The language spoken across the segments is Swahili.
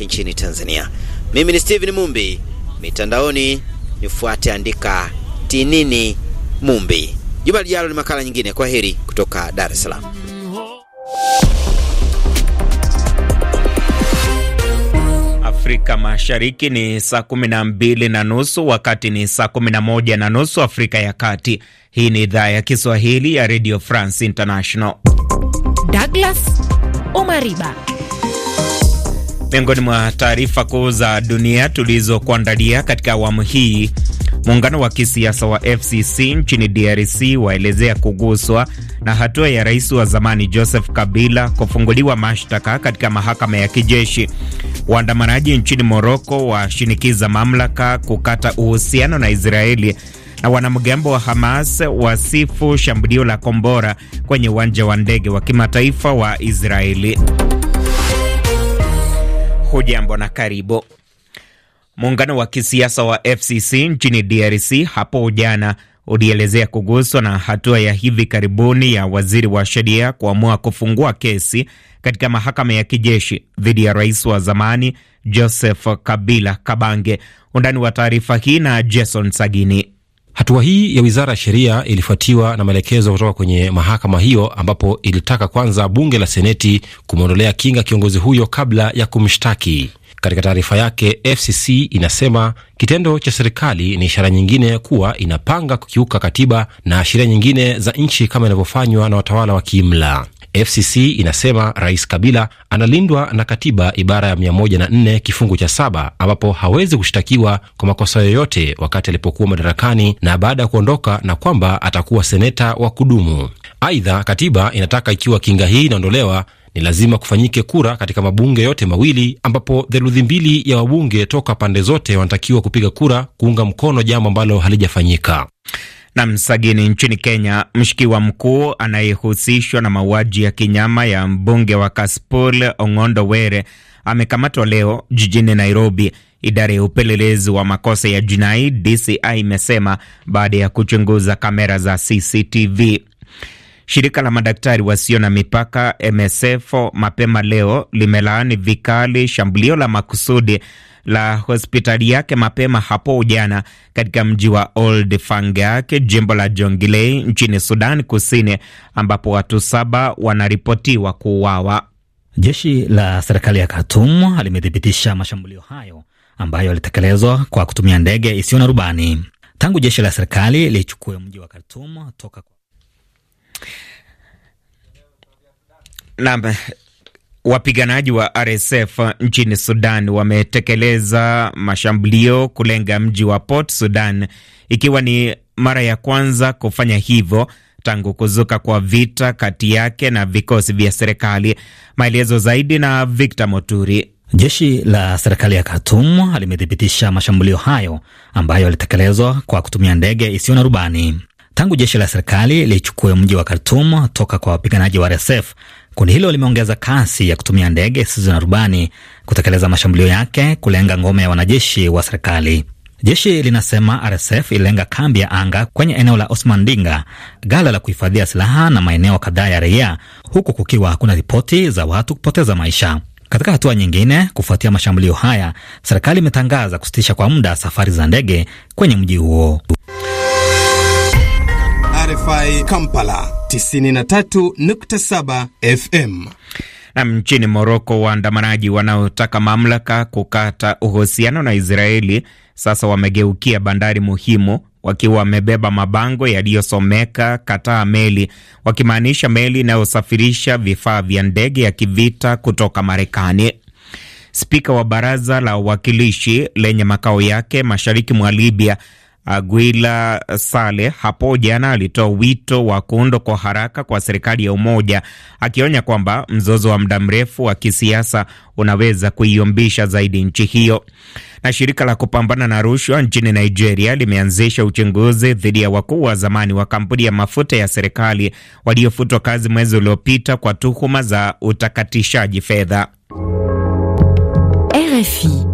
nchini Tanzania. Mimi ni Steven Mumbi, mitandaoni nifuate, andika tinini Mumbi. Juma lijalo ni makala nyingine. Kwa heri kutoka Dar es Salaam. Afrika Mashariki ni saa kumi na mbili na nusu wakati ni saa kumi na moja na nusu Afrika ya Kati. Hii ni idhaa ya Kiswahili ya Radio France International. Douglas Omariba Miongoni mwa taarifa kuu za dunia tulizokuandalia katika awamu hii, muungano wa kisiasa wa FCC nchini DRC waelezea kuguswa na hatua ya rais wa zamani Joseph Kabila kufunguliwa mashtaka katika mahakama ya kijeshi. Waandamanaji nchini Moroko washinikiza mamlaka kukata uhusiano na Israeli na wanamgambo wa Hamas wasifu shambulio la kombora kwenye uwanja wa ndege wa kimataifa wa Israeli. Hujambo na karibu. Muungano wa kisiasa wa FCC nchini DRC hapo jana ulielezea kuguswa na hatua ya hivi karibuni ya waziri wa sheria kuamua kufungua kesi katika mahakama ya kijeshi dhidi ya rais wa zamani Joseph Kabila Kabange. Undani wa taarifa hii na Jason Sagini. Hatua hii ya wizara ya sheria ilifuatiwa na maelekezo kutoka kwenye mahakama hiyo, ambapo ilitaka kwanza bunge la seneti kumwondolea kinga kiongozi huyo kabla ya kumshtaki. Katika taarifa yake, FCC inasema kitendo cha serikali ni ishara nyingine kuwa inapanga kukiuka katiba na sheria nyingine za nchi kama inavyofanywa na watawala wa kiimla. FCC inasema Rais Kabila analindwa na katiba ibara ya 104 kifungu cha saba ambapo hawezi kushtakiwa kwa makosa yoyote wakati alipokuwa madarakani na baada ya kuondoka na kwamba atakuwa seneta wa kudumu. Aidha, katiba inataka ikiwa kinga hii inaondolewa ni lazima kufanyike kura katika mabunge yote mawili ambapo theluthi mbili ya wabunge toka pande zote wanatakiwa kupiga kura kuunga mkono, jambo ambalo halijafanyika. Na msagini nchini Kenya, mshukiwa mkuu anayehusishwa na mauaji ya kinyama ya mbunge wa Kasipul Ong'ondo Were amekamatwa leo jijini Nairobi. Idara ya upelelezi wa makosa ya jinai DCI imesema baada ya kuchunguza kamera za CCTV. Shirika la madaktari wasio na mipaka MSF mapema leo limelaani vikali shambulio la makusudi la hospitali yake mapema hapo jana katika mji wa Old Fangak, jimbo la Jonglei nchini Sudan Kusini, ambapo watu saba wanaripotiwa kuuawa. Jeshi la serikali ya Khartoum limethibitisha mashambulio hayo ambayo yalitekelezwa kwa kutumia ndege isiyo na rubani tangu jeshi la serikali lichukue mji wa Khartoum toka kwa... Wapiganaji wa RSF nchini Sudan wametekeleza mashambulio kulenga mji wa Port Sudan, ikiwa ni mara ya kwanza kufanya hivyo tangu kuzuka kwa vita kati yake na vikosi vya serikali. Maelezo zaidi na Victor Moturi. Jeshi la serikali ya Khartoum limethibitisha mashambulio hayo ambayo yalitekelezwa kwa kutumia ndege isiyo na rubani tangu jeshi la serikali lichukue mji wa Khartoum toka kwa wapiganaji wa RSF. Kundi hilo limeongeza kasi ya kutumia ndege zisizo na rubani kutekeleza mashambulio yake kulenga ngome ya wanajeshi wa serikali. Jeshi linasema RSF ililenga kambi ya anga kwenye eneo la Osman Dinga, gala la kuhifadhia silaha na maeneo kadhaa ya raia, huku kukiwa hakuna ripoti za watu kupoteza maisha. Katika hatua nyingine, kufuatia mashambulio haya, serikali imetangaza kusitisha kwa muda safari za ndege kwenye mji huo. RFI Kampala 93.7 FM. Nam, nchini Moroko, waandamanaji wanaotaka mamlaka kukata uhusiano na Israeli sasa wamegeukia bandari muhimu wakiwa wamebeba mabango yaliyosomeka kataa meli, wakimaanisha meli inayosafirisha vifaa vya ndege ya kivita kutoka Marekani. Spika wa baraza la wawakilishi lenye makao yake mashariki mwa Libya Aguila Sale hapo jana alitoa wito wa kuundwa kwa haraka kwa serikali ya umoja, akionya kwamba mzozo wa muda mrefu wa kisiasa unaweza kuiombisha zaidi nchi hiyo. Na shirika la kupambana na rushwa nchini Nigeria limeanzisha uchunguzi dhidi ya wakuu wa zamani wa kampuni ya mafuta ya serikali waliofutwa kazi mwezi uliopita kwa tuhuma za utakatishaji fedha. RFI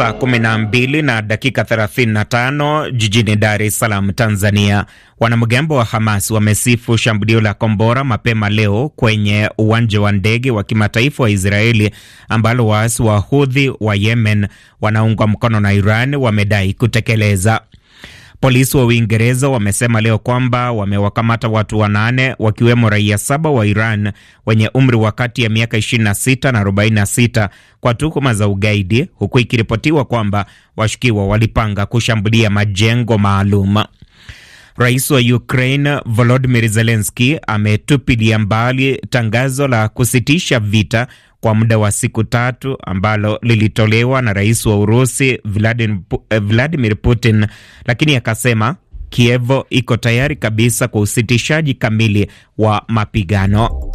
saa 12 na dakika 35 jijini Dar es Salaam, Tanzania. Wanamgambo wa Hamas wamesifu shambulio la kombora mapema leo kwenye uwanja wa ndege wa kimataifa wa Israeli ambalo waasi wa Hudhi wa Yemen wanaungwa mkono na Iran wamedai kutekeleza. Polisi wa Uingereza wamesema leo kwamba wamewakamata watu wanane wakiwemo raia saba wa Iran wenye umri wa kati ya miaka 26 na 46 kwa tuhuma za ugaidi, huku ikiripotiwa kwamba washukiwa walipanga kushambulia majengo maalum. Rais wa Ukraine volodimir zelenski ametupilia mbali tangazo la kusitisha vita kwa muda wa siku tatu ambalo lilitolewa na rais wa Urusi Vladimir eh, Putin, lakini akasema Kievo iko tayari kabisa kwa usitishaji kamili wa mapigano.